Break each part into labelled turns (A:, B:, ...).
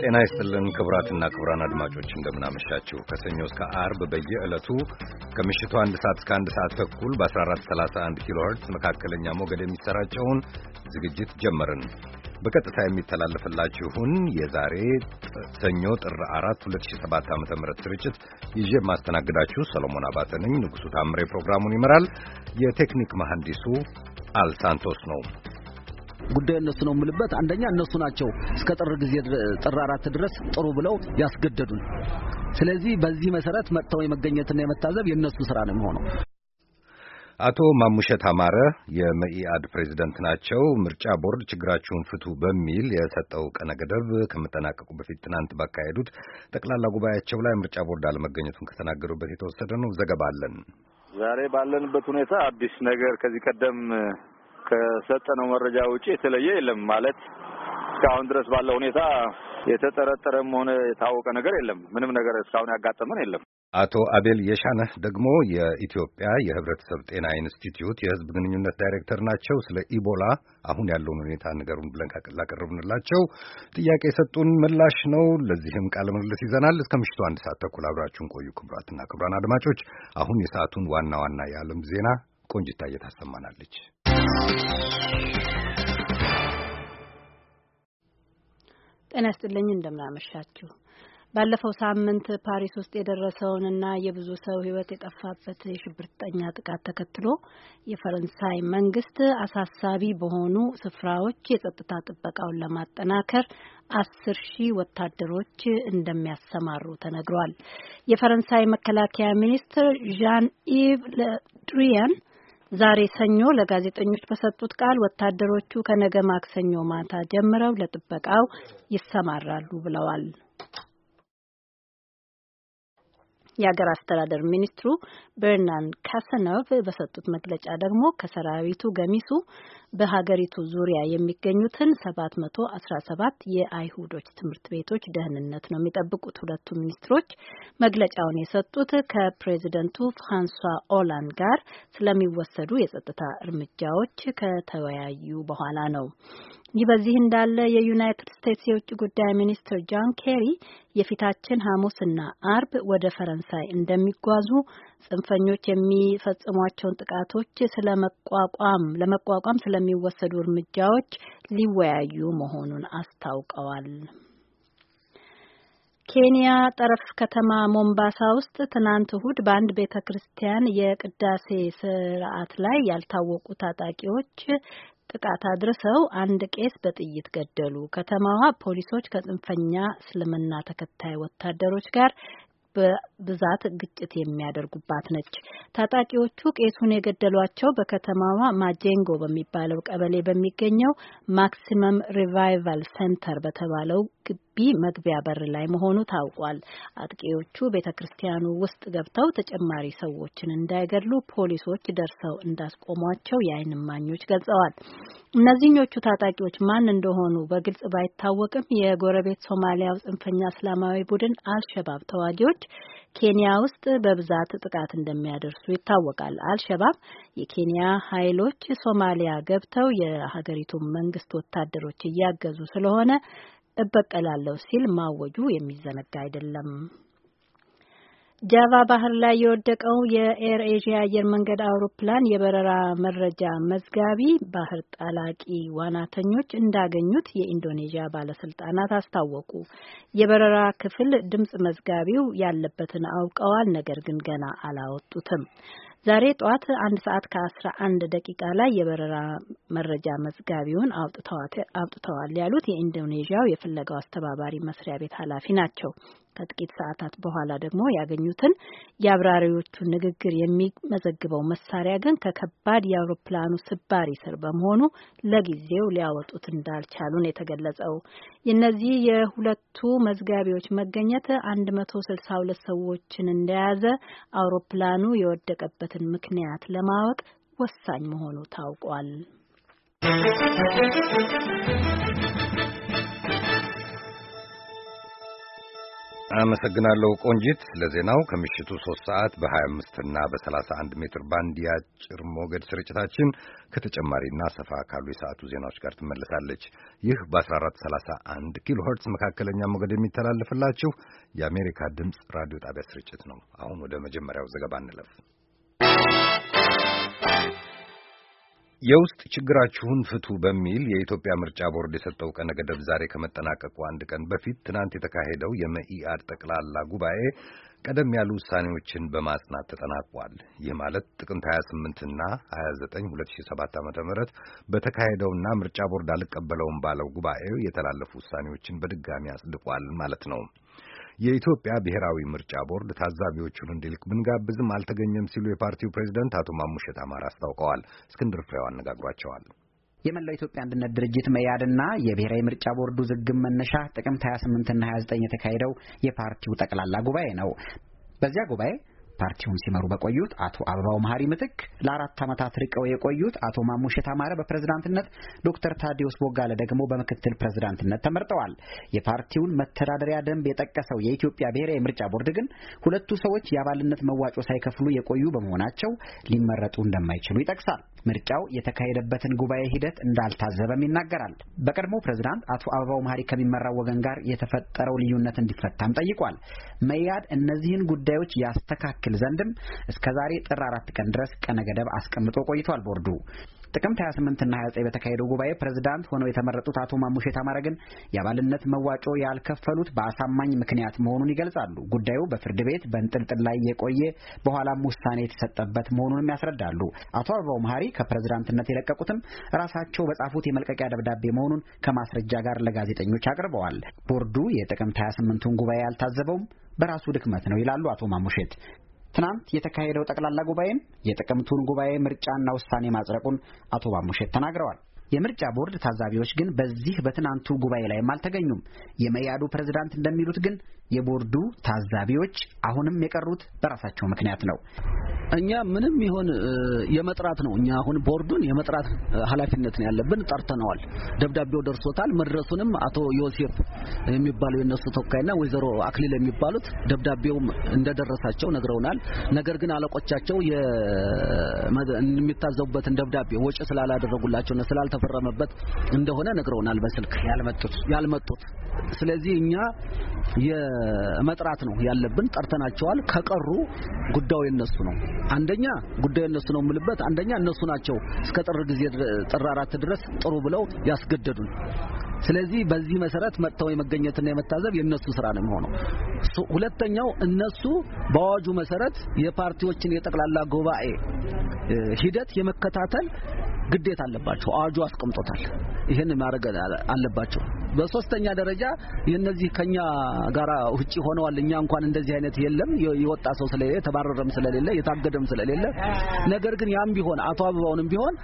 A: ጤና ይስጥልን ክቡራትና ክቡራን አድማጮች እንደምናመሻችሁ። ከሰኞ እስከ አርብ በየዕለቱ ከምሽቱ አንድ ሰዓት እስከ አንድ ሰዓት ተኩል በ1431 ኪሎ ሄርትስ መካከለኛ ሞገድ የሚሰራጨውን ዝግጅት ጀመርን። በቀጥታ የሚተላለፍላችሁን የዛሬ ሰኞ ጥር 4 2007 ም ስርጭት ይዤ የማስተናግዳችሁ ሰሎሞን አባተ ነኝ። ንጉሡ ታምሬ ፕሮግራሙን ይመራል። የቴክኒክ መሐንዲሱ አልሳንቶስ ነው።
B: ጉዳዩ እነሱ ነው የምልበት አንደኛ እነሱ ናቸው እስከ ጥር ጊዜ ጥር አራት ድረስ ጥሩ ብለው ያስገደዱን። ስለዚህ በዚህ መሰረት መጥተው የመገኘትና የመታዘብ የእነሱ ስራ ነው የሚሆነው።
A: አቶ ማሙሸት አማረ የመኢአድ ፕሬዝደንት ናቸው። ምርጫ ቦርድ ችግራችሁን ፍቱ በሚል የሰጠው ቀነ ገደብ ከመጠናቀቁ በፊት ትናንት ባካሄዱት ጠቅላላ ጉባኤያቸው ላይ ምርጫ ቦርድ አለመገኘቱን ከተናገሩበት የተወሰደ ነው። ዘገባ አለን።
C: ዛሬ ባለንበት ሁኔታ አዲስ ነገር ከዚህ ቀደም ከሰጠነው መረጃ ውጪ የተለየ የለም ማለት እስካሁን ድረስ ባለው ሁኔታ የተጠረጠረም ሆነ የታወቀ ነገር የለም። ምንም ነገር እስካሁን ያጋጠመን የለም።
A: አቶ አቤል የሻነህ ደግሞ የኢትዮጵያ የሕብረተሰብ ጤና ኢንስቲትዩት የሕዝብ ግንኙነት ዳይሬክተር ናቸው። ስለ ኢቦላ አሁን ያለውን ሁኔታ ንገሩን ብለን ላቀረብንላቸው ጥያቄ የሰጡን ምላሽ ነው። ለዚህም ቃለ ምልልስ ይዘናል። እስከ ምሽቱ አንድ ሰዓት ተኩል አብራችሁን ቆዩ። ክቡራትና ክቡራን አድማጮች አሁን የሰዓቱን ዋና ዋና የዓለም ዜና ቆንጅታ እየታሰማናለች።
D: ጤና ይስጥልኝ። እንደምናመሻችሁ። ባለፈው ሳምንት ፓሪስ ውስጥ የደረሰውንና የብዙ ሰው ሕይወት የጠፋበት የሽብርተኛ ጥቃት ተከትሎ የፈረንሳይ መንግስት አሳሳቢ በሆኑ ስፍራዎች የጸጥታ ጥበቃውን ለማጠናከር አስር ሺህ ወታደሮች እንደሚያሰማሩ ተነግሯል። የፈረንሳይ መከላከያ ሚኒስትር ዣን ኢቭ ለድሪያን ዛሬ ሰኞ ለጋዜጠኞች በሰጡት ቃል ወታደሮቹ ከነገ ማክሰኞ ማታ ጀምረው ለጥበቃው ይሰማራሉ ብለዋል። የሀገር አስተዳደር ሚኒስትሩ በርናን ካሰኖቭ በሰጡት መግለጫ ደግሞ ከሰራዊቱ ገሚሱ በሀገሪቱ ዙሪያ የሚገኙትን 717 የአይሁዶች ትምህርት ቤቶች ደህንነት ነው የሚጠብቁት። ሁለቱ ሚኒስትሮች መግለጫውን የሰጡት ከፕሬዚደንቱ ፍራንሷ ኦላንድ ጋር ስለሚወሰዱ የጸጥታ እርምጃዎች ከተወያዩ በኋላ ነው። ይህ በዚህ እንዳለ የዩናይትድ ስቴትስ የውጭ ጉዳይ ሚኒስትር ጆን ኬሪ የፊታችን ሐሙስና አርብ ወደ ፈረንሳይ እንደሚጓዙ ጽንፈኞች የሚፈጽሟቸውን ጥቃቶች ስለመቋቋም ለመቋቋም ስለሚወሰዱ እርምጃዎች ሊወያዩ መሆኑን አስታውቀዋል። ኬንያ ጠረፍ ከተማ ሞምባሳ ውስጥ ትናንት እሁድ በአንድ ቤተ ክርስቲያን የቅዳሴ ስርዓት ላይ ያልታወቁ ታጣቂዎች ጥቃት አድርሰው አንድ ቄስ በጥይት ገደሉ። ከተማዋ ፖሊሶች ከጽንፈኛ እስልምና ተከታይ ወታደሮች ጋር በብዛት ግጭት የሚያደርጉባት ነች። ታጣቂዎቹ ቄሱን የገደሏቸው በከተማዋ ማጄንጎ በሚባለው ቀበሌ በሚገኘው ማክሲመም ሪቫይቫል ሴንተር በተባለው ግቢ መግቢያ በር ላይ መሆኑ ታውቋል። አጥቂዎቹ ቤተ ክርስቲያኑ ውስጥ ገብተው ተጨማሪ ሰዎችን እንዳይገድሉ ፖሊሶች ደርሰው እንዳስቆሟቸው የአይን እማኞች ገልጸዋል። እነዚህኞቹ ታጣቂዎች ማን እንደሆኑ በግልጽ ባይታወቅም የጎረቤት ሶማሊያው ጽንፈኛ እስላማዊ ቡድን አልሸባብ ተዋጊዎች ኬንያ ውስጥ በብዛት ጥቃት እንደሚያደርሱ ይታወቃል። አልሸባብ የኬንያ ኃይሎች ሶማሊያ ገብተው የሀገሪቱን መንግስት ወታደሮች እያገዙ ስለሆነ እበቀላለሁ ሲል ማወጁ የሚዘነጋ አይደለም። ጃቫ ባህር ላይ የወደቀው የኤር ኤዥያ አየር መንገድ አውሮፕላን የበረራ መረጃ መዝጋቢ ባህር ጣላቂ ዋናተኞች እንዳገኙት የኢንዶኔዥያ ባለስልጣናት አስታወቁ። የበረራ ክፍል ድምጽ መዝጋቢው ያለበትን አውቀዋል፣ ነገር ግን ገና አላወጡትም። ዛሬ ጠዋት አንድ ሰዓት ከአስራ አንድ ደቂቃ ላይ የበረራ መረጃ መዝጋቢውን አውጥተዋል ያሉት የኢንዶኔዥያው የፍለጋው አስተባባሪ መስሪያ ቤት ኃላፊ ናቸው። ከጥቂት ሰዓታት በኋላ ደግሞ ያገኙትን የአብራሪዎቹ ንግግር የሚመዘግበው መሳሪያ ግን ከከባድ የአውሮፕላኑ ስባሪ ስር በመሆኑ ለጊዜው ሊያወጡት እንዳልቻሉ ነው የተገለጸው። የእነዚህ የሁለቱ መዝጋቢዎች መገኘት 162 ሰዎችን እንደያዘ አውሮፕላኑ የወደቀበትን ምክንያት ለማወቅ ወሳኝ መሆኑ ታውቋል።
A: አመሰግናለሁ ቆንጂት ለዜናው። ከምሽቱ ሶስት ሰዓት በ25 እና በ31 ሜትር ባንድ የአጭር ሞገድ ስርጭታችን ከተጨማሪና ሰፋ ካሉ የሰዓቱ ዜናዎች ጋር ትመለሳለች። ይህ በ1431 ኪሎ ኸርትዝ መካከለኛ ሞገድ የሚተላለፍላችሁ የአሜሪካ ድምፅ ራዲዮ ጣቢያ ስርጭት ነው። አሁን ወደ መጀመሪያው ዘገባ እንለፍ። የውስጥ ችግራችሁን ፍቱ በሚል የኢትዮጵያ ምርጫ ቦርድ የሰጠው ቀነ ገደብ ዛሬ ከመጠናቀቁ አንድ ቀን በፊት ትናንት የተካሄደው የመኢአድ ጠቅላላ ጉባኤ ቀደም ያሉ ውሳኔዎችን በማጽናት ተጠናቋል። ይህ ማለት ጥቅምት 28ና 29 2007 ም በተካሄደውና ምርጫ ቦርድ አልቀበለውም ባለው ጉባኤ የተላለፉ ውሳኔዎችን በድጋሚ አጽድቋል ማለት ነው። የኢትዮጵያ ብሔራዊ ምርጫ ቦርድ ታዛቢዎቹን እንዲልክ ብንጋብዝም አልተገኘም ሲሉ የፓርቲው ፕሬዚደንት አቶ ማሙሸት አማር አስታውቀዋል። እስክንድር ፍሬው አነጋግሯቸዋል።
E: የመላው ኢትዮጵያ አንድነት ድርጅት መያድና የብሔራዊ ምርጫ ቦርዱ ዝግብ መነሻ ጥቅምት 28ና 29 የተካሄደው የፓርቲው ጠቅላላ ጉባኤ ነው። በዚያ ጉባኤ ፓርቲውን ሲመሩ በቆዩት አቶ አበባው መሀሪ ምትክ ለአራት ዓመታት ርቀው የቆዩት አቶ ማሙሸት አማረ በፕሬዝዳንትነት፣ ዶክተር ታዲዮስ ቦጋለ ደግሞ በምክትል ፕሬዝዳንትነት ተመርጠዋል። የፓርቲውን መተዳደሪያ ደንብ የጠቀሰው የኢትዮጵያ ብሔራዊ ምርጫ ቦርድ ግን ሁለቱ ሰዎች የአባልነት መዋጮ ሳይከፍሉ የቆዩ በመሆናቸው ሊመረጡ እንደማይችሉ ይጠቅሳል። ምርጫው የተካሄደበትን ጉባኤ ሂደት እንዳልታዘበም ይናገራል። በቀድሞ ፕሬዝዳንት አቶ አበባው መሀሪ ከሚመራው ወገን ጋር የተፈጠረው ልዩነት እንዲፈታም ጠይቋል። መያድ እነዚህን ጉዳዮች ያስተካክል ዘንድም እስከዛሬ ጥር አራት ቀን ድረስ ቀነ ገደብ አስቀምጦ ቆይቷል ቦርዱ ጥቅምት 28ና 29 በተካሄደው ጉባኤ ፕሬዝዳንት ሆነው የተመረጡት አቶ ማሙሼት አማረ ግን የአባልነት መዋጮ ያልከፈሉት በአሳማኝ ምክንያት መሆኑን ይገልጻሉ። ጉዳዩ በፍርድ ቤት በእንጥልጥል ላይ የቆየ በኋላም ውሳኔ የተሰጠበት መሆኑንም ያስረዳሉ። አቶ አበባው መሀሪ ከፕሬዝዳንትነት የለቀቁትም ራሳቸው በጻፉት የመልቀቂያ ደብዳቤ መሆኑን ከማስረጃ ጋር ለጋዜጠኞች አቅርበዋል። ቦርዱ የጥቅምት 28ቱን ጉባኤ ያልታዘበውም በራሱ ድክመት ነው ይላሉ አቶ ማሙሼት። ትናንት የተካሄደው ጠቅላላ ጉባኤም የጥቅምቱን ጉባኤ ምርጫና ውሳኔ ማጽረቁን አቶ ባሙሼት ተናግረዋል። የምርጫ ቦርድ ታዛቢዎች ግን በዚህ በትናንቱ ጉባኤ ላይም አልተገኙም። የመያዱ ፕሬዝዳንት እንደሚሉት ግን የቦርዱ ታዛቢዎች አሁንም የቀሩት በራሳቸው ምክንያት ነው። እኛ ምንም ይሆን
B: የመጥራት ነው። እኛ አሁን ቦርዱን የመጥራት ኃላፊነት ነው ያለብን። ጠርተነዋል። ደብዳቤው ደርሶታል። መድረሱንም አቶ ዮሴፍ የሚባለው የነሱ ተወካይና ወይዘሮ አክሊል የሚባሉት ደብዳቤውም እንደደረሳቸው ነግረውናል። ነገር ግን አለቆቻቸው የሚታዘቡበትን ደብዳቤ ወጪ ስላላደረጉላቸውና ስላልተፈረመበት እንደሆነ ነግረውናል። በስልክ ያልመጡት ያልመጡት ስለዚህ እኛ መጥራት ነው ያለብን። ጠርተናቸዋል። ከቀሩ ጉዳዩ የነሱ ነው። አንደኛ ጉዳዩ የነሱ ነው የምልበት አንደኛ እነሱ ናቸው እስከ ጥር ጊዜ ጥር አራት ድረስ ጥሩ ብለው ያስገደዱን። ስለዚህ በዚህ መሰረት መጥተው የመገኘትና የመታዘብ የነሱ ስራ ነው የሚሆነው። ሁለተኛው እነሱ በአዋጁ መሰረት የፓርቲዎችን የጠቅላላ ጉባኤ ሂደት የመከታተል ግዴታ አለባቸው። አዋጁ አስቀምጦታል። ይህን ማድረግ አለባቸው። በሶስተኛ ደረጃ የነዚህ ከኛ ጋራ ውጪ ሆነዋል። እኛ እንኳን እንደዚህ አይነት የለም የወጣ ሰው ስለሌለ የተባረረም ስለሌለ የታገደም ስለሌለ፣ ነገር ግን ያም ቢሆን አቶ አበባውንም ቢሆን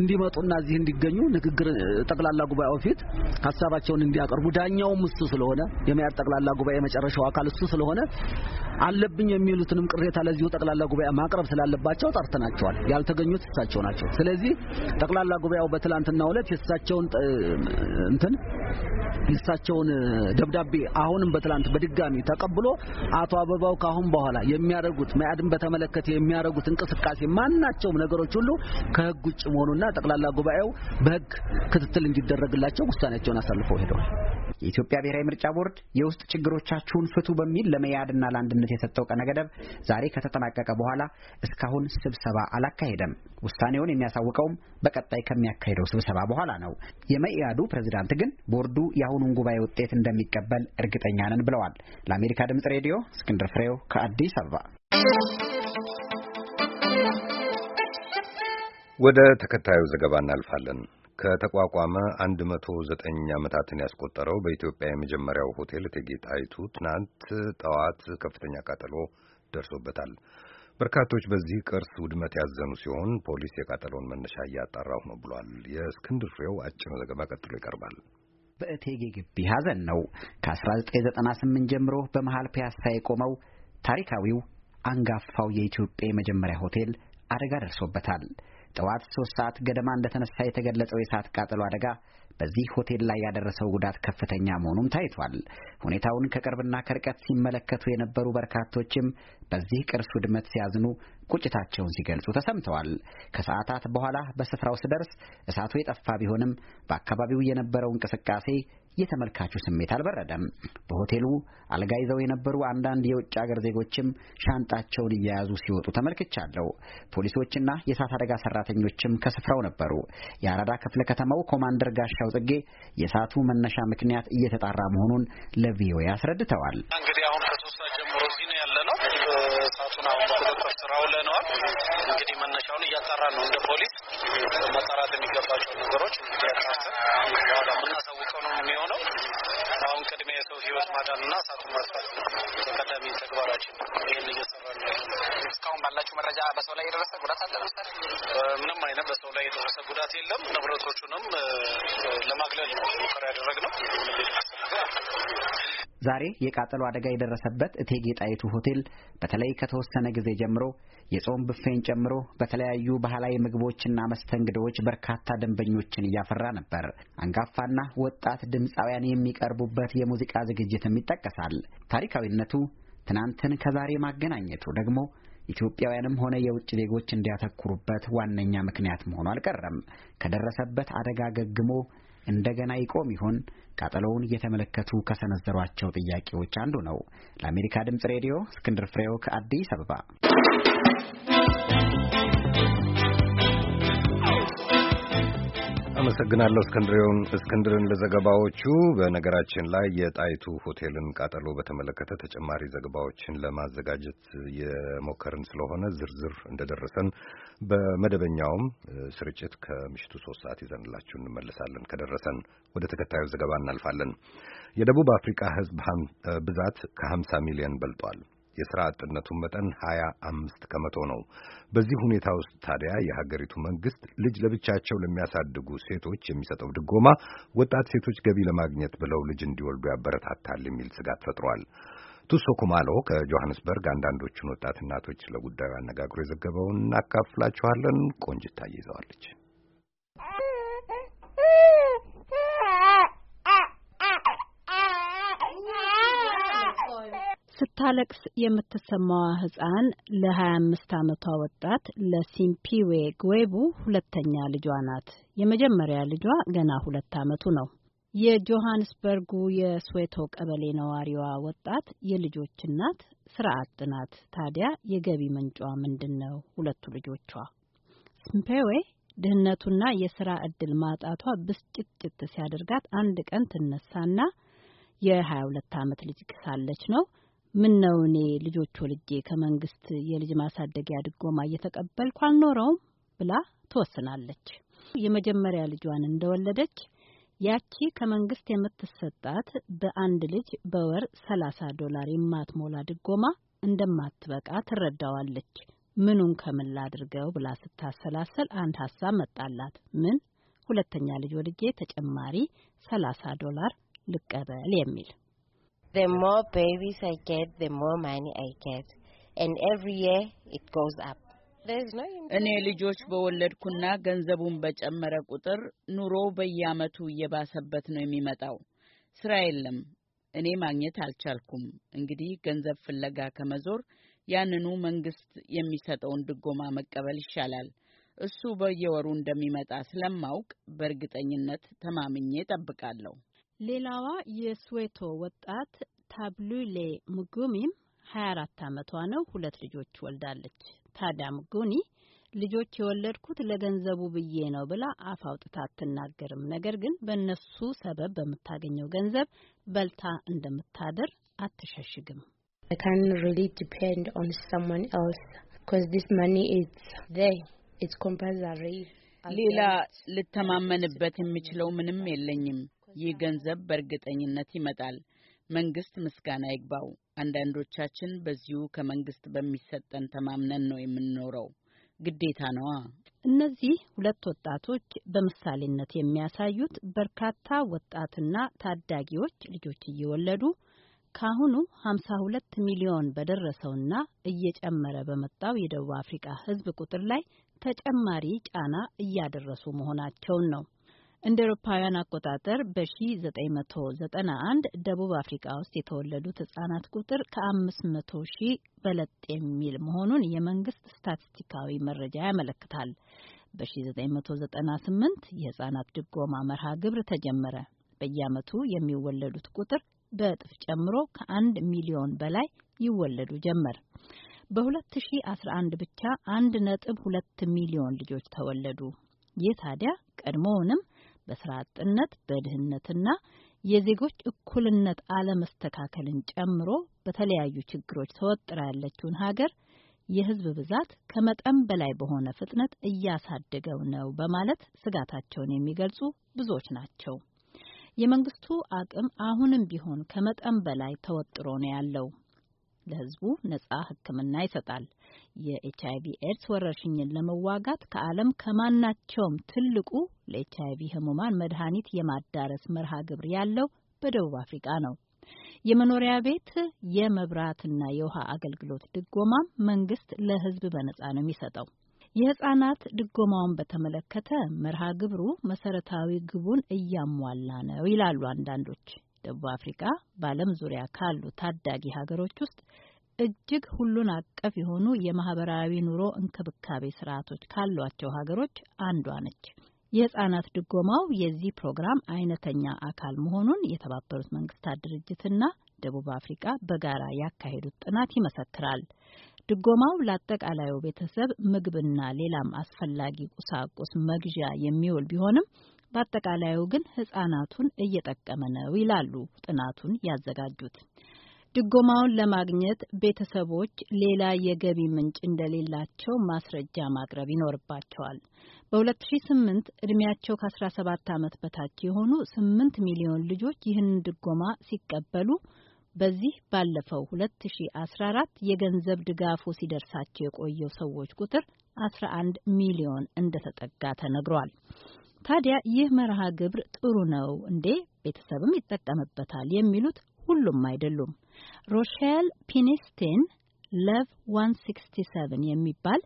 B: እንዲመጡና እዚህ እንዲገኙ ንግግር ጠቅላላ ጉባኤው ፊት ሀሳባቸውን እንዲያቀርቡ ዳኛውም እሱ ስለሆነ የመያድ ጠቅላላ ጉባኤ የመጨረሻው አካል እሱ ስለሆነ አለብኝ የሚሉትንም ቅሬታ ለዚሁ ጠቅላላ ጉባኤ ማቅረብ ስላለባቸው ጠርተናቸዋል። ያልተገኙት እሳቸው ናቸው። ስለዚህ ጠቅላላ ጉባኤው በትላንትና ዕለት የእሳቸውን እንትን የእሳቸውን ደብዳቤ አሁንም በትላንት በድጋሚ ተቀብሎ አቶ አበባው ካሁን በኋላ የሚያደርጉት መያድን በተመለከተ የሚያደርጉት እንቅስቃሴ ማናቸውም ነገሮች ሁሉ
E: ከህግ ውጭ መሆኑና ጠቅላላ ጉባኤው በህግ ክትትል እንዲደረግላቸው ውሳኔያቸውን አሳልፈው ሄደዋል። የኢትዮጵያ ብሔራዊ ምርጫ ቦርድ የውስጥ ችግሮቻችሁን ፍቱ በሚል ለመያድና ለአንድነት የሰጠው ቀነ ገደብ ዛሬ ከተጠናቀቀ በኋላ እስካሁን ስብሰባ አላካሄደም። ውሳኔውን የሚያሳውቀውም በቀጣይ ከሚያካሄደው ስብሰባ በኋላ ነው። የመኢአዱ ፕሬዚዳንት ግን ቦርዱ የአሁኑን ጉባኤ ውጤት እንደሚቀበል እርግጠኛ ነን ብለዋል። ለአሜሪካ ድምጽ ሬዲዮ እስክንድር
A: ፍሬው ከአዲስ አበባ። ወደ ተከታዩ ዘገባ እናልፋለን። ከተቋቋመ 109 ዓመታትን ያስቆጠረው በኢትዮጵያ የመጀመሪያው ሆቴል እቴጌ ጣይቱ ትናንት ጠዋት ከፍተኛ ቃጠሎ ደርሶበታል። በርካቶች በዚህ ቅርስ ውድመት ያዘኑ ሲሆን ፖሊስ የቃጠሎውን መነሻ እያጣራሁ ነው ብሏል። የእስክንድር ፍሬው አጭር ዘገባ ቀጥሎ ይቀርባል።
E: በእቴጌ ግቢ ሐዘን ነው። ከ1998 ጀምሮ በመሃል ፒያሳ የቆመው ታሪካዊው አንጋፋው የኢትዮጵያ የመጀመሪያ ሆቴል አደጋ ደርሶበታል። ጠዋት ሶስት ሰዓት ገደማ እንደተነሳ የተገለጸው የእሳት ቃጠሎ አደጋ በዚህ ሆቴል ላይ ያደረሰው ጉዳት ከፍተኛ መሆኑም ታይቷል። ሁኔታውን ከቅርብና ከርቀት ሲመለከቱ የነበሩ በርካቶችም በዚህ ቅርስ ውድመት ሲያዝኑ ቁጭታቸውን ሲገልጹ ተሰምተዋል። ከሰዓታት በኋላ በስፍራው ስደርስ እሳቱ የጠፋ ቢሆንም በአካባቢው የነበረው እንቅስቃሴ የተመልካቹ ስሜት አልበረደም። በሆቴሉ አልጋ ይዘው የነበሩ አንዳንድ የውጭ አገር ዜጎችም ሻንጣቸውን እየያዙ ሲወጡ ተመልክቻለሁ። ፖሊሶችና የእሳት አደጋ ሰራተኞችም ከስፍራው ነበሩ። የአራዳ ክፍለ ከተማው ኮማንደር ጋሻው ጽጌ የእሳቱ መነሻ ምክንያት እየተጣራ መሆኑን ለቪኦኤ አስረድተዋል።
A: እንግዲህ አሁን
C: ከሶስት ሰዓት ጀምሮ እዚህ መጠራት የሚገባቸው ነገሮች እንግዲህ በኋላ
A: የምናሳውቀው ነው የሚሆነው። አሁን ቅድሚያ የሰው ህይወት ማዳንና እሳቱን ማጥፋት ቀዳሚ ተግባራችን። ይህን እየሰራ እስካሁን ባላችሁ መረጃ በሰው ላይ የደረሰ ጉዳት አለ? ምንም አይነት በሰው ላይ የደረሰ ጉዳት የለም። ንብረቶቹንም ለማግለል ነው ሙከራ ያደረግነው።
E: ዛሬ የቃጠሎ አደጋ የደረሰበት እቴጌ ጣይቱ ሆቴል በተለይ ከተወሰነ ጊዜ ጀምሮ የጾም ብፌን ጨምሮ በተለያዩ ባህላዊ ምግቦችና መስተንግዶዎች በርካታ ደንበኞችን እያፈራ ነበር። አንጋፋና ወጣት ድምፃውያን የሚቀርቡበት የሙዚቃ ዝግጅትም ይጠቀሳል። ታሪካዊነቱ ትናንትን ከዛሬ ማገናኘቱ ደግሞ ኢትዮጵያውያንም ሆነ የውጭ ዜጎች እንዲያተኩሩበት ዋነኛ ምክንያት መሆኑ አልቀረም። ከደረሰበት አደጋ ገግሞ እንደገና ይቆም ይሆን? ቃጠሎውን እየተመለከቱ ከሰነዘሯቸው ጥያቄዎች አንዱ ነው። ለአሜሪካ ድምፅ ሬዲዮ
A: እስክንድር ፍሬው ከአዲስ አበባ አመሰግናለሁ እስክንድሬውን እስክንድርን ለዘገባዎቹ። በነገራችን ላይ የጣይቱ ሆቴልን ቃጠሎ በተመለከተ ተጨማሪ ዘገባዎችን ለማዘጋጀት የሞከርን ስለሆነ ዝርዝር እንደደረሰን በመደበኛውም ስርጭት ከምሽቱ ሶስት ሰዓት ይዘንላችሁ እንመለሳለን። ከደረሰን ወደ ተከታዩ ዘገባ እናልፋለን። የደቡብ አፍሪካ ህዝብ ብዛት ከሀምሳ ሚሊዮን በልጧል። የሥራ አጥነቱን መጠን 25 ከመቶ ነው። በዚህ ሁኔታ ውስጥ ታዲያ የሀገሪቱ መንግሥት ልጅ ለብቻቸው ለሚያሳድጉ ሴቶች የሚሰጠው ድጎማ ወጣት ሴቶች ገቢ ለማግኘት ብለው ልጅ እንዲወልዱ ያበረታታል የሚል ስጋት ፈጥሯል። ቱሶ ኩማሎ ከጆሐንስበርግ አንዳንዶቹን ወጣት እናቶች ለጉዳዩ አነጋግሮ የዘገበውን እናካፍላችኋለን። ቆንጅታ ይዘዋለች።
D: ስታለቅስ የምትሰማዋ ህፃን ለ25 ዓመቷ ወጣት ለሲምፒዌ ጉዌቡ ሁለተኛ ልጇ ናት። የመጀመሪያ ልጇ ገና ሁለት ዓመቱ ነው። የጆሃንስበርጉ የስዌቶ ቀበሌ ነዋሪዋ ወጣት የልጆች እናት ስራ አጥ ናት። ታዲያ የገቢ ምንጯ ምንድን ነው? ሁለቱ ልጆቿ ስምፔዌ ድህነቱና የስራ እድል ማጣቷ ብስጭትጭት ሲያደርጋት አንድ ቀን ትነሳና የ22 ዓመት ልጅ ክሳለች ነው ምን ነው እኔ ልጆች ወልጄ ከመንግስት የልጅ ማሳደጊያ ድጎማ እየተቀበልኩ አልኖረውም ብላ ትወስናለች። የመጀመሪያ ልጇን እንደወለደች ያቺ ከመንግስት የምትሰጣት በአንድ ልጅ በወር ሰላሳ ዶላር የማትሞላ ድጎማ እንደማትበቃ ትረዳዋለች። ምኑን ከምን ላድርገው ብላ ስታሰላሰል አንድ ሀሳብ መጣላት። ምን ሁለተኛ ልጅ ወልጄ ተጨማሪ ሰላሳ ዶላር ልቀበል የሚል The more babies I get, the more money I get. And every year it goes up. እኔ ልጆች
F: በወለድኩና ገንዘቡን በጨመረ ቁጥር ኑሮ በየዓመቱ እየባሰበት ነው የሚመጣው። ስራ የለም፣ እኔ ማግኘት አልቻልኩም። እንግዲህ ገንዘብ ፍለጋ ከመዞር ያንኑ መንግስት የሚሰጠውን ድጎማ መቀበል ይሻላል። እሱ በየወሩ እንደሚመጣ ስለማውቅ በእርግጠኝነት ተማምኜ ጠብቃለሁ።
D: ሌላዋ የስዌቶ ወጣት ታብሉሌ ምጉሚም 24 ዓመቷ ነው። ሁለት ልጆች ወልዳለች። ታዲያ ሙጉኒ ልጆች የወለድኩት ለገንዘቡ ብዬ ነው ብላ አፍ አውጥታ አትናገርም። ነገር ግን በእነሱ ሰበብ በምታገኘው ገንዘብ በልታ እንደምታደር አትሸሽግም።
F: ሌላ ልተማመንበት የምችለው ምንም የለኝም። ይህ ገንዘብ በእርግጠኝነት ይመጣል። መንግስት ምስጋና ይግባው። አንዳንዶቻችን በዚሁ ከመንግስት በሚሰጠን ተማምነን ነው የምንኖረው። ግዴታ ነዋ።
D: እነዚህ ሁለት ወጣቶች በምሳሌነት የሚያሳዩት በርካታ ወጣትና ታዳጊዎች ልጆች እየወለዱ ካሁኑ 52 ሚሊዮን በደረሰውና እየጨመረ በመጣው የደቡብ አፍሪካ ሕዝብ ቁጥር ላይ ተጨማሪ ጫና እያደረሱ መሆናቸውን ነው። እንደ ኤሮፓውያን አቆጣጠር በ1991 ደቡብ አፍሪካ ውስጥ የተወለዱት ህጻናት ቁጥር ከ500 ሺህ በለጥ የሚል መሆኑን የመንግስት ስታቲስቲካዊ መረጃ ያመለክታል። በ1998 የህጻናት ድጎማ መርሃ ግብር ተጀመረ። በየዓመቱ የሚወለዱት ቁጥር በእጥፍ ጨምሮ ከአንድ ሚሊዮን በላይ ይወለዱ ጀመር። በ2011 ብቻ ነጥብ ሁለት ሚሊዮን ልጆች ተወለዱ። ይህ ታዲያ ቀድሞውንም በስራ አጥነት፣ በድህነትና የዜጎች እኩልነት አለመስተካከልን ጨምሮ በተለያዩ ችግሮች ተወጥራ ያለችውን ሀገር የህዝብ ብዛት ከመጠን በላይ በሆነ ፍጥነት እያሳደገው ነው በማለት ስጋታቸውን የሚገልጹ ብዙዎች ናቸው። የመንግስቱ አቅም አሁንም ቢሆን ከመጠን በላይ ተወጥሮ ነው ያለው። ለህዝቡ ነጻ ሕክምና ይሰጣል። የኤች አይቪ ኤድስ ወረርሽኝን ለመዋጋት ከዓለም ከማናቸውም ትልቁ ለኤች አይቪ ህሙማን መድኃኒት የማዳረስ መርሃ ግብር ያለው በደቡብ አፍሪቃ ነው። የመኖሪያ ቤት የመብራትና የውሃ አገልግሎት ድጎማም መንግስት ለህዝብ በነጻ ነው የሚሰጠው። የህጻናት ድጎማውን በተመለከተ መርሃ ግብሩ መሰረታዊ ግቡን እያሟላ ነው ይላሉ አንዳንዶች። ደቡብ አፍሪካ በዓለም ዙሪያ ካሉ ታዳጊ ሀገሮች ውስጥ እጅግ ሁሉን አቀፍ የሆኑ የማህበራዊ ኑሮ እንክብካቤ ስርዓቶች ካሏቸው ሀገሮች አንዷ ነች። የህጻናት ድጎማው የዚህ ፕሮግራም አይነተኛ አካል መሆኑን የተባበሩት መንግስታት ድርጅትና ደቡብ አፍሪቃ በጋራ ያካሄዱት ጥናት ይመሰክራል። ድጎማው ለአጠቃላዩ ቤተሰብ ምግብና ሌላም አስፈላጊ ቁሳቁስ መግዣ የሚውል ቢሆንም በአጠቃላዩ ግን ህጻናቱን እየጠቀመ ነው ይላሉ ጥናቱን ያዘጋጁት። ድጎማውን ለማግኘት ቤተሰቦች ሌላ የገቢ ምንጭ እንደሌላቸው ማስረጃ ማቅረብ ይኖርባቸዋል። በ2008 እድሜያቸው ከ17 ዓመት በታች የሆኑ 8 ሚሊዮን ልጆች ይህንን ድጎማ ሲቀበሉ በዚህ ባለፈው 2014 የገንዘብ ድጋፉ ሲደርሳቸው የቆየው ሰዎች ቁጥር 11 ሚሊዮን እንደተጠጋ ተነግሯል። ታዲያ ይህ መርሃ ግብር ጥሩ ነው እንዴ? ቤተሰብም ይጠቀምበታል የሚሉት ሁሉም አይደሉም። ሮሼል ፒኒስቲን ለቭ 167 የሚባል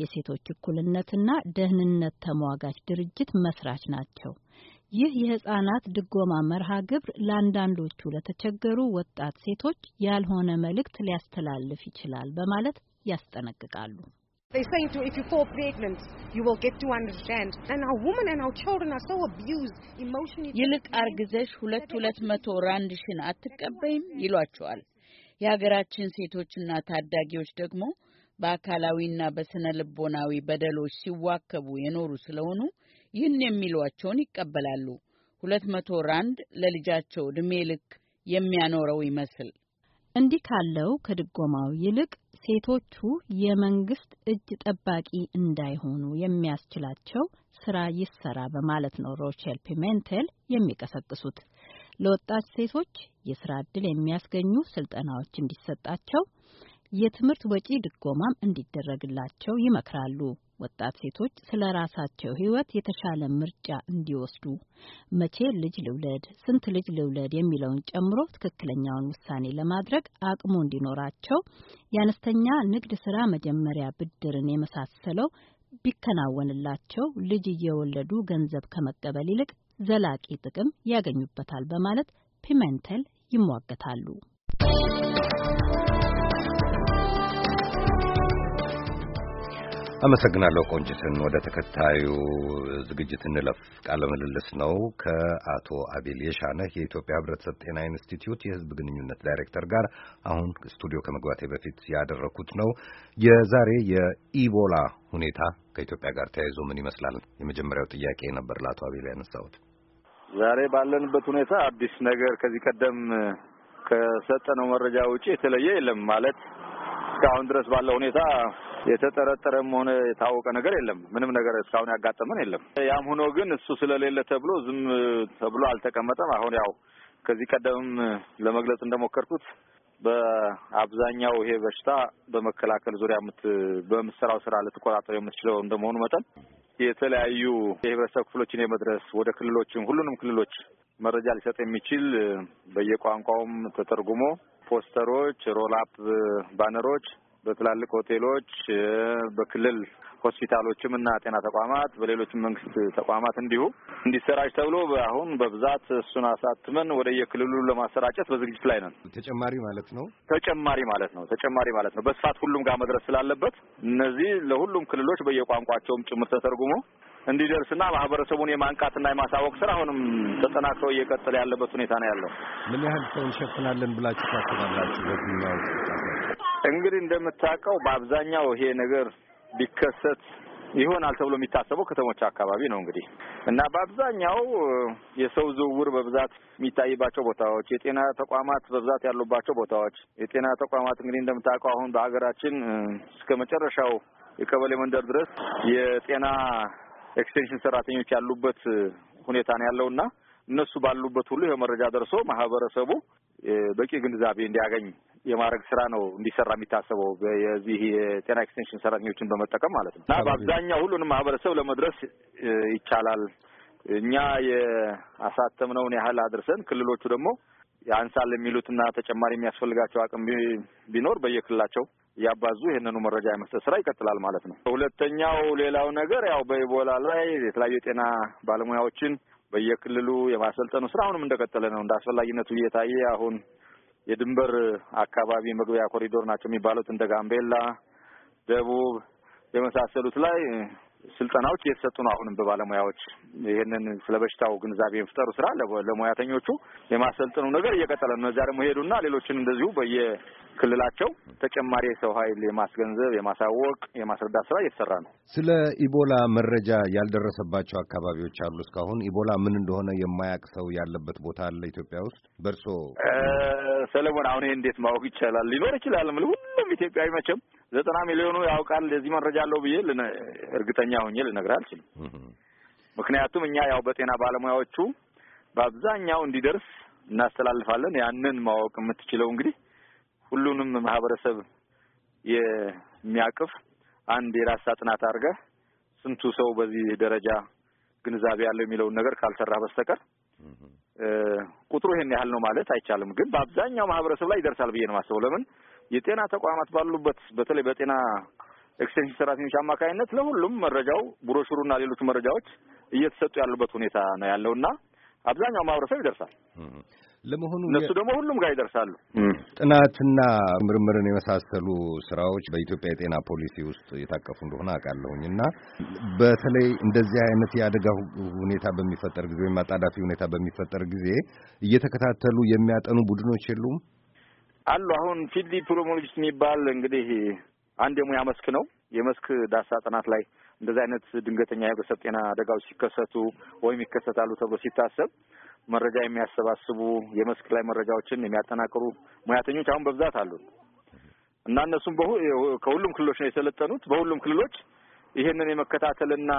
D: የሴቶች እኩልነትና ደህንነት ተሟጋች ድርጅት መስራች ናቸው። ይህ የህጻናት ድጎማ መርሃ ግብር ለአንዳንዶቹ ለተቸገሩ ወጣት ሴቶች ያልሆነ መልእክት ሊያስተላልፍ ይችላል በማለት ያስጠነቅቃሉ።
E: They say to if you fall pregnant, you will get to understand. And our women and our children are so abused emotionally. ይልቅ አርግዘሽ ሁለት
F: ሁለት መቶ ራንድሽን አትቀበይም ይሏቸዋል። የሀገራችን ሴቶችና ታዳጊዎች ደግሞ በአካላዊና በስነ ልቦናዊ በደሎች ሲዋከቡ የኖሩ ስለሆኑ ይህን የሚሏቸውን ይቀበላሉ። ሁለት መቶ ራንድ ለልጃቸው እድሜ ልክ የሚያኖረው ይመስል
D: እንዲህ ካለው ከድጎማው ይልቅ ሴቶቹ የመንግስት እጅ ጠባቂ እንዳይሆኑ የሚያስችላቸው ስራ ይሰራ በማለት ነው ሮቸል ፒሜንቴል የሚቀሰቅሱት። ለወጣት ሴቶች የስራ እድል የሚያስገኙ ስልጠናዎች እንዲሰጣቸው፣ የትምህርት ወጪ ድጎማም እንዲደረግላቸው ይመክራሉ። ወጣት ሴቶች ስለ ራሳቸው ህይወት የተሻለ ምርጫ እንዲወስዱ መቼ ልጅ ልውለድ፣ ስንት ልጅ ልውለድ የሚለውን ጨምሮ ትክክለኛውን ውሳኔ ለማድረግ አቅሙ እንዲኖራቸው የአነስተኛ ንግድ ስራ መጀመሪያ ብድርን የመሳሰለው ቢከናወንላቸው ልጅ እየወለዱ ገንዘብ ከመቀበል ይልቅ ዘላቂ ጥቅም ያገኙበታል በማለት ፒመንተል ይሟገታሉ።
A: አመሰግናለሁ ቆንጅትን። ወደ ተከታዩ ዝግጅት እንለፍ። ቃለ ምልልስ ነው ከአቶ አቤል የሻነህ የኢትዮጵያ ሕብረተሰብ ጤና ኢንስቲትዩት የህዝብ ግንኙነት ዳይሬክተር ጋር አሁን ስቱዲዮ ከመግባቴ በፊት ያደረኩት ነው። የዛሬ የኢቦላ ሁኔታ ከኢትዮጵያ ጋር ተያይዞ ምን ይመስላል? የመጀመሪያው ጥያቄ ነበር ለአቶ አቤል ያነሳሁት።
C: ዛሬ ባለንበት ሁኔታ አዲስ ነገር ከዚህ ቀደም ከሰጠነው መረጃ ውጪ የተለየ የለም ማለት እስካሁን ድረስ ባለው ሁኔታ የተጠረጠረም ሆነ የታወቀ ነገር የለም። ምንም ነገር እስካሁን ያጋጠመን የለም። ያም ሆኖ ግን እሱ ስለሌለ ተብሎ ዝም ተብሎ አልተቀመጠም። አሁን ያው ከዚህ ቀደም ለመግለጽ እንደሞከርኩት በአብዛኛው ይሄ በሽታ በመከላከል ዙሪያ በምሰራው ስራ ልትቆጣጠር የምትችለው እንደመሆኑ መጠን የተለያዩ የህብረተሰብ ክፍሎችን የመድረስ ወደ ክልሎችም ሁሉንም ክልሎች መረጃ ሊሰጥ የሚችል በየቋንቋውም ተተርጉሞ ፖስተሮች፣ ሮላፕ ባነሮች በትላልቅ ሆቴሎች፣ በክልል ሆስፒታሎችም እና ጤና ተቋማት በሌሎችም መንግስት ተቋማት እንዲሁ እንዲሰራጭ ተብሎ አሁን በብዛት እሱን አሳትመን ወደ የክልሉ ለማሰራጨት በዝግጅት ላይ ነን።
A: ተጨማሪ ማለት ነው።
C: ተጨማሪ ማለት ነው። ተጨማሪ ማለት ነው። በስፋት ሁሉም ጋር መድረስ ስላለበት እነዚህ ለሁሉም ክልሎች በየቋንቋቸውም ጭምር ተተርጉሞ እንዲደርስና ማህበረሰቡን የማንቃትና የማሳወቅ ስራ አሁንም ተጠናክሮ እየቀጠለ ያለበት ሁኔታ ነው ያለው።
A: ምን ያህል ሰው እንሸፍናለን ብላችሁ ታስባላችሁ? በዚህኛው
C: እንግዲህ እንደምታውቀው በአብዛኛው ይሄ ነገር ቢከሰት ይሆናል ተብሎ የሚታሰበው ከተሞች አካባቢ ነው እንግዲህ እና በአብዛኛው የሰው ዝውውር በብዛት የሚታይባቸው ቦታዎች፣ የጤና ተቋማት በብዛት ያሉባቸው ቦታዎች። የጤና ተቋማት እንግዲህ እንደምታውቀው አሁን በሀገራችን እስከ መጨረሻው የቀበሌ መንደር ድረስ የጤና ኤክስቴንሽን ሰራተኞች ያሉበት ሁኔታ ነው ያለው እና እነሱ ባሉበት ሁሉ ይሄ መረጃ ደርሶ ማህበረሰቡ በቂ ግንዛቤ እንዲያገኝ የማድረግ ስራ ነው እንዲሰራ የሚታሰበው የዚህ የጤና ኤክስቴንሽን ሰራተኞችን በመጠቀም ማለት ነው እና በአብዛኛው ሁሉንም ማህበረሰብ ለመድረስ ይቻላል። እኛ የአሳተምነውን ያህል አድርሰን ክልሎቹ ደግሞ ያንሳል የሚሉትና ተጨማሪ የሚያስፈልጋቸው አቅም ቢኖር በየክልላቸው እያባዙ ይህንኑ መረጃ የመስጠት ስራ ይቀጥላል ማለት ነው። ሁለተኛው ሌላው ነገር ያው በኢቦላ ላይ የተለያዩ የጤና ባለሙያዎችን በየክልሉ የማሰልጠኑ ስራ አሁንም እንደቀጠለ ነው። እንደ አስፈላጊነቱ እየታየ አሁን የድንበር አካባቢ መግቢያ ኮሪዶር ናቸው የሚባሉት እንደ ጋምቤላ፣ ደቡብ የመሳሰሉት ላይ ስልጠናዎች እየተሰጡ ነው። አሁንም በባለሙያዎች ይህንን ስለ በሽታው ግንዛቤ መፍጠሩ ስራ ለሙያተኞቹ የማሰልጠኑ ነገር እየቀጠለ ነው። እዚያ ደግሞ ሄዱና ሌሎችን እንደዚሁ በየክልላቸው ተጨማሪ የሰው ኃይል የማስገንዘብ፣ የማሳወቅ፣ የማስረዳት ስራ እየተሰራ ነው።
A: ስለ ኢቦላ መረጃ ያልደረሰባቸው አካባቢዎች አሉ። እስካሁን ኢቦላ ምን እንደሆነ የማያውቅ ሰው ያለበት ቦታ አለ ኢትዮጵያ
C: ውስጥ በእርሶ ሰለሞን? አሁን ይህ እንዴት ማወቅ ይቻላል? ሊኖር ይችላል ምልሁ ኢትዮጵያዊ መቼም ዘጠና ሚሊዮኑ ያውቃል የዚህ መረጃ አለው ብዬ እርግጠኛ ሆኜ ልነግር አልችልም። ምክንያቱም እኛ ያው በጤና ባለሙያዎቹ በአብዛኛው እንዲደርስ እናስተላልፋለን። ያንን ማወቅ የምትችለው እንግዲህ ሁሉንም ማህበረሰብ የሚያቅፍ አንድ የራሳ ጥናት አድርገህ ስንቱ ሰው በዚህ ደረጃ ግንዛቤ ያለው የሚለውን ነገር ካልሰራ በስተቀር ቁጥሩ ይሄን ያህል ነው ማለት አይቻልም። ግን በአብዛኛው ማህበረሰብ ላይ ይደርሳል ብዬ ነው የማስበው። ለምን የጤና ተቋማት ባሉበት በተለይ በጤና ኤክስቴንሽን ሰራተኞች አማካኝነት ለሁሉም መረጃው ብሮሹሩና ሌሎች መረጃዎች እየተሰጡ ያሉበት ሁኔታ ነው ያለውና አብዛኛው ማህበረሰብ ይደርሳል። ለመሆኑ እነሱ ደግሞ ሁሉም ጋር ይደርሳሉ።
A: ጥናትና ምርምርን የመሳሰሉ ስራዎች በኢትዮጵያ የጤና ፖሊሲ ውስጥ የታቀፉ እንደሆነ አውቃለሁኝ እና በተለይ እንደዚህ አይነት የአደጋ ሁኔታ በሚፈጠር ጊዜ ወይም አጣዳፊ ሁኔታ በሚፈጠር ጊዜ እየተከታተሉ የሚያጠኑ ቡድኖች የሉም?
C: አሉ። አሁን ፊልድ ፒሮሞሎጂስት የሚባል እንግዲህ አንድ የሙያ መስክ ነው። የመስክ ዳሳ ጥናት ላይ እንደዚህ አይነት ድንገተኛ የህብረተሰብ ጤና አደጋዎች ሲከሰቱ ወይም ይከሰታሉ ተብሎ ሲታሰብ መረጃ የሚያሰባስቡ የመስክ ላይ መረጃዎችን የሚያጠናቅሩ ሙያተኞች አሁን በብዛት አሉ እና እነሱም ከሁሉም ክልሎች ነው የሰለጠኑት። በሁሉም ክልሎች ይህንን የመከታተልና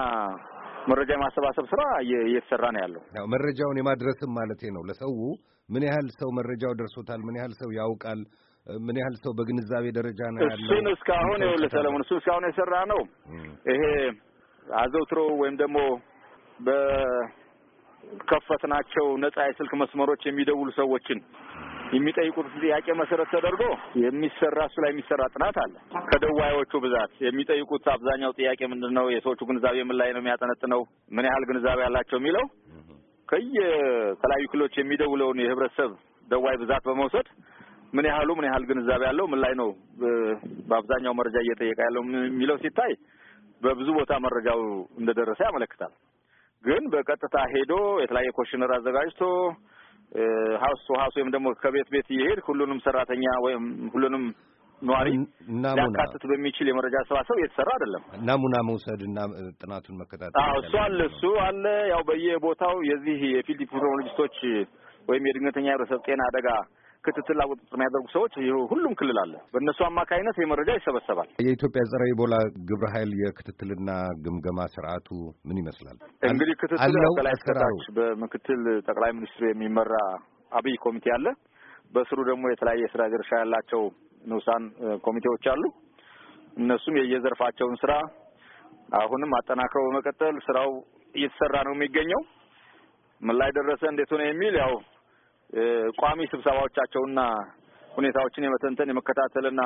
C: መረጃ የማሰባሰብ ስራ እየተሰራ ነው ያለው።
A: መረጃውን የማድረስም ማለት ነው ለሰው ምን ያህል ሰው መረጃው ደርሶታል፣ ምን ያህል ሰው ያውቃል፣ ምን ያህል ሰው በግንዛቤ ደረጃ ነው ያለው። እሱን እስካሁን ይኸውልህ ሰለሞን፣
C: እሱን እስካሁን የሰራ ነው ይሄ አዘውትሮ ወይም ደግሞ በከፈትናቸው ነጻ የስልክ መስመሮች የሚደውሉ ሰዎችን የሚጠይቁት ጥያቄ መሰረት ተደርጎ የሚሰራ እሱ ላይ የሚሰራ ጥናት አለ። ከደዋዮቹ ብዛት የሚጠይቁት አብዛኛው ጥያቄ ምንድን ነው፣ የሰዎቹ ግንዛቤ ምን ላይ ነው የሚያጠነጥነው፣ ምን ያህል ግንዛቤ አላቸው የሚለው ከየተለያዩ ክልሎች የሚደውለውን የህብረተሰብ ደዋይ ብዛት በመውሰድ ምን ያህሉ ምን ያህል ግንዛቤ ያለው ምን ላይ ነው በአብዛኛው መረጃ እየጠየቀ ያለው የሚለው ሲታይ በብዙ ቦታ መረጃው እንደደረሰ ያመለክታል። ግን በቀጥታ ሄዶ የተለያየ ኮሽነር አዘጋጅቶ ሀውስ ቱ ሀውስ ወይም ደግሞ ከቤት ቤት እየሄድ ሁሉንም ሰራተኛ ወይም ሁሉንም ነዋሪ
A: ሊያካትት
C: በሚችል የመረጃ አሰባሰብ እየተሰራ አይደለም።
A: ናሙና መውሰድ እና ጥናቱን መከታተል እሱ
C: አለ እሱ አለ። ያው በየቦታው የዚህ የፊልድ ፒሮሎጂስቶች ወይም የድንገተኛ ህብረተሰብ ጤና አደጋ ክትትልና ቁጥጥር የሚያደርጉ ሰዎች ሁሉም ክልል አለ። በእነሱ አማካይነት ይህ መረጃ ይሰበሰባል።
A: የኢትዮጵያ ጸረ ኢቦላ ግብረ ኃይል የክትትልና ግምገማ ስርዓቱ ምን ይመስላል?
C: እንግዲህ ክትትል ከላይ እስከታች በምክትል ጠቅላይ ሚኒስትሩ የሚመራ አብይ ኮሚቴ አለ። በስሩ ደግሞ የተለያየ ስራ ድርሻ ያላቸው ንዑሳን ኮሚቴዎች አሉ። እነሱም የየዘርፋቸውን ስራ አሁንም አጠናክረው በመቀጠል ስራው እየተሰራ ነው የሚገኘው። ምን ላይ ደረሰ እንዴት ሆነ የሚል ያው ቋሚ ስብሰባዎቻቸውና ሁኔታዎችን የመተንተን የመከታተልና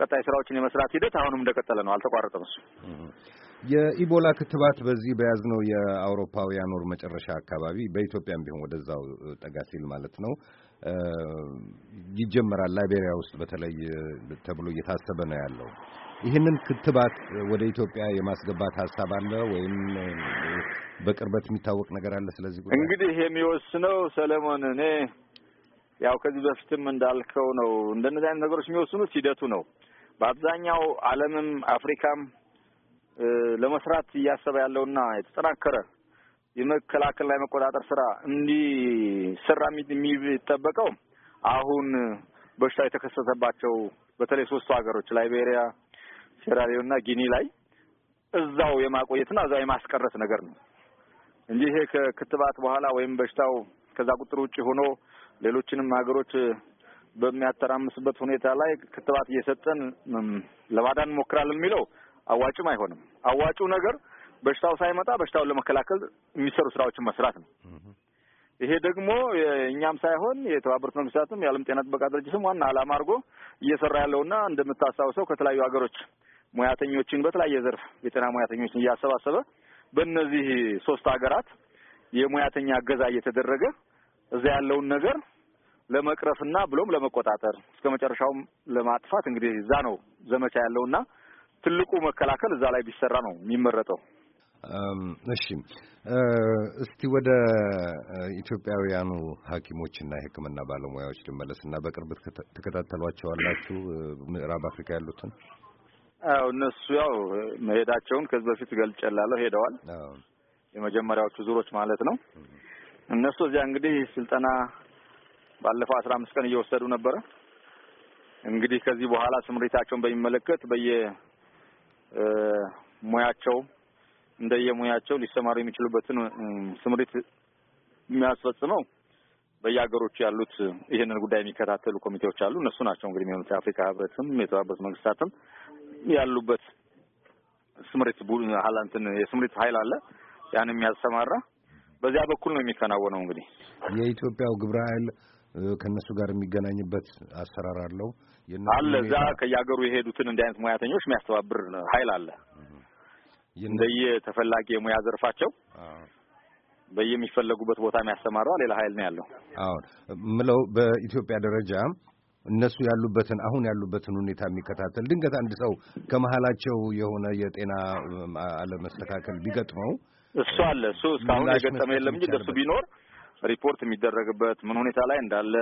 C: ቀጣይ ስራዎችን የመስራት ሂደት አሁንም እንደቀጠለ ነው። አልተቋረጠም። እሱ
A: የኢቦላ ክትባት በዚህ በያዝነው የአውሮፓውያን ወር መጨረሻ አካባቢ በኢትዮጵያም ቢሆን ወደዛው ጠጋ ሲል ማለት ነው ይጀመራል። ላይቤሪያ ውስጥ በተለይ ተብሎ እየታሰበ ነው ያለው። ይህንን ክትባት ወደ ኢትዮጵያ የማስገባት ሀሳብ አለ ወይም በቅርበት የሚታወቅ ነገር አለ። ስለዚህ ጉዳይ እንግዲህ
C: የሚወስነው ሰለሞን፣ እኔ ያው ከዚህ በፊትም እንዳልከው ነው። እንደነዚህ አይነት ነገሮች የሚወስኑት ሂደቱ ነው። በአብዛኛው ዓለምም አፍሪካም ለመስራት እያሰበ ያለውና የተጠናከረ የመከላከልና የመቆጣጠር ስራ እንዲሰራ የሚጠበቀው አሁን በሽታ የተከሰተባቸው በተለይ ሶስቱ ሀገሮች ላይቤሪያ፣ ሴራሊዮን እና ጊኒ ላይ እዛው የማቆየትና እዛው የማስቀረት ነገር ነው። እንጂ ይሄ ከክትባት በኋላ ወይም በሽታው ከዛ ቁጥር ውጭ ሆኖ ሌሎችንም ሀገሮች በሚያተራምስበት ሁኔታ ላይ ክትባት እየሰጠን ለማዳን እንሞክራለን የሚለው አዋጭም አይሆንም። አዋጩ ነገር በሽታው ሳይመጣ በሽታውን ለመከላከል የሚሰሩ ስራዎችን መስራት ነው። ይሄ ደግሞ እኛም ሳይሆን የተባበሩት መንግስታትም የዓለም ጤና ጥበቃ ድርጅትም ዋና ዓላማ አድርጎ እየሰራ ያለውና እንደምታስታውሰው ከተለያዩ ሀገሮች ሙያተኞችን በተለያየ ዘርፍ የጤና ሙያተኞችን እያሰባሰበ በእነዚህ ሶስት ሀገራት የሙያተኛ እገዛ እየተደረገ እዛ ያለውን ነገር ለመቅረፍና ብሎም ለመቆጣጠር እስከ መጨረሻውም ለማጥፋት እንግዲህ እዛ ነው ዘመቻ ያለውና ትልቁ መከላከል እዛ ላይ ቢሰራ ነው የሚመረጠው።
A: እሺ እስቲ ወደ ኢትዮጵያውያኑ ሐኪሞችና የሕክምና ባለሙያዎች ልመለስና በቅርብ ትከታተሏቸዋላችሁ ምዕራብ አፍሪካ ያሉትን?
C: አዎ እነሱ ያው መሄዳቸውን ከዚህ በፊት ገልጨላለሁ። ሄደዋል። የመጀመሪያዎቹ ዙሮች ማለት ነው። እነሱ እዚያ እንግዲህ ስልጠና ባለፈው አስራ አምስት ቀን እየወሰዱ ነበረ። እንግዲህ ከዚህ በኋላ ስምሪታቸውን በሚመለከት በየ ሙያቸው እንደየሙያቸው ሊሰማሩ የሚችሉበትን ስምሪት የሚያስፈጽመው በየሀገሮቹ ያሉት ይህንን ጉዳይ የሚከታተሉ ኮሚቴዎች አሉ። እነሱ ናቸው እንግዲህ የሚሆኑት የአፍሪካ ህብረትም የተባበሩት መንግስታትም ያሉበት ስምሪት ቡድን ሀላንትን የስምሪት ኃይል አለ ያን የሚያሰማራ በዚያ በኩል ነው የሚከናወነው። እንግዲህ
A: የኢትዮጵያው ግብረ ኃይል ከእነሱ ጋር የሚገናኝበት አሰራር አለው አለ እዛ
C: ከየሀገሩ የሄዱትን እንዲህ አይነት ሙያተኞች የሚያስተባብር ኃይል አለ። እንደየ ተፈላጊ የሙያ ዘርፋቸው በየሚፈለጉበት ቦታ የሚያሰማረው ሌላ ኃይል ነው ያለው።
A: አዎ ምለው በኢትዮጵያ ደረጃ እነሱ ያሉበትን አሁን ያሉበትን ሁኔታ የሚከታተል ድንገት አንድ ሰው ከመሀላቸው የሆነ የጤና አለመስተካከል ቢገጥመው
C: እሱ አለ እሱ እስካሁን የገጠመ የለም እንጂ እሱ ቢኖር ሪፖርት የሚደረግበት ምን ሁኔታ ላይ እንዳለ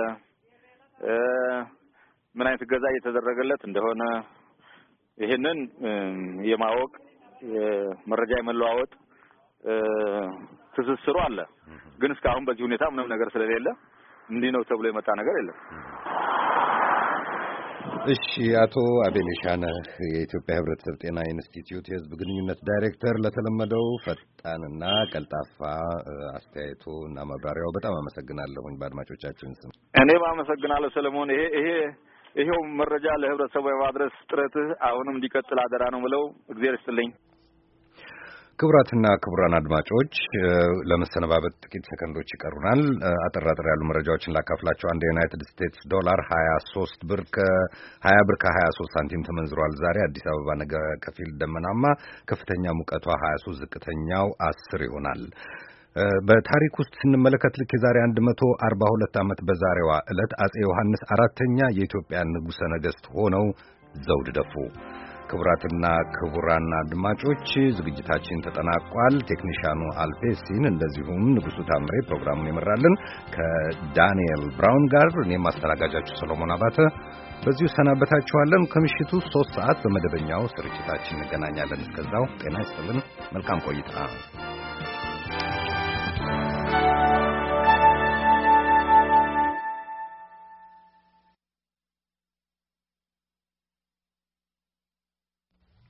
C: ምን አይነት እገዛ እየተደረገለት እንደሆነ ይህንን የማወቅ መረጃ የመለዋወጥ ትስስሩ አለ። ግን እስካሁን በዚህ ሁኔታ ምንም ነገር ስለሌለ እንዲህ ነው ተብሎ የመጣ ነገር የለም።
A: እሺ፣ አቶ አቤል ሻነህ የኢትዮጵያ ሕብረተሰብ ጤና ኢንስቲትዩት የህዝብ ግንኙነት ዳይሬክተር፣ ለተለመደው ፈጣንና ቀልጣፋ አስተያየቶ እና መብራሪያው በጣም አመሰግናለሁኝ። በአድማጮቻችን ስም
C: እኔም አመሰግናለሁ ሰለሞን። ይሄ ይሄ ይሄው መረጃ ለህብረተሰቡ የማድረስ ጥረትህ አሁንም እንዲቀጥል አደራ ነው ብለው እግዜር ይስጥልኝ።
A: ክቡራትና ክቡራን አድማጮች ለመሰነባበት ጥቂት ሰከንዶች ይቀሩናል። አጠር አጠር ያሉ መረጃዎችን ላካፍላቸው። አንድ የዩናይትድ ስቴትስ ዶላር 23 ብር ከ20 ብር ከ23 ሳንቲም ተመንዝሯል። ዛሬ አዲስ አበባ ነገ ከፊል ደመናማ፣ ከፍተኛ ሙቀቷ 23፣ ዝቅተኛው 10 ይሆናል። በታሪክ ውስጥ ስንመለከት ልክ የዛሬ 142 ዓመት በዛሬዋ ዕለት አጼ ዮሐንስ አራተኛ የኢትዮጵያ ንጉሠ ነገሥት ሆነው ዘውድ ደፉ። ክቡራትና ክቡራን አድማጮች ዝግጅታችን ተጠናቋል። ቴክኒሻኑ አልፔሲን እንደዚሁም ንጉሱ ታምሬ ፕሮግራሙን ይመራልን ከዳንኤል ብራውን ጋር እኔም አስተናጋጃችሁ ሰሎሞን አባተ በዚሁ ሰናበታችኋለን። ከምሽቱ ሶስት ሰዓት በመደበኛው ስርጭታችን እንገናኛለን። እስከዛው ጤና ይስጥልን። መልካም ቆይታ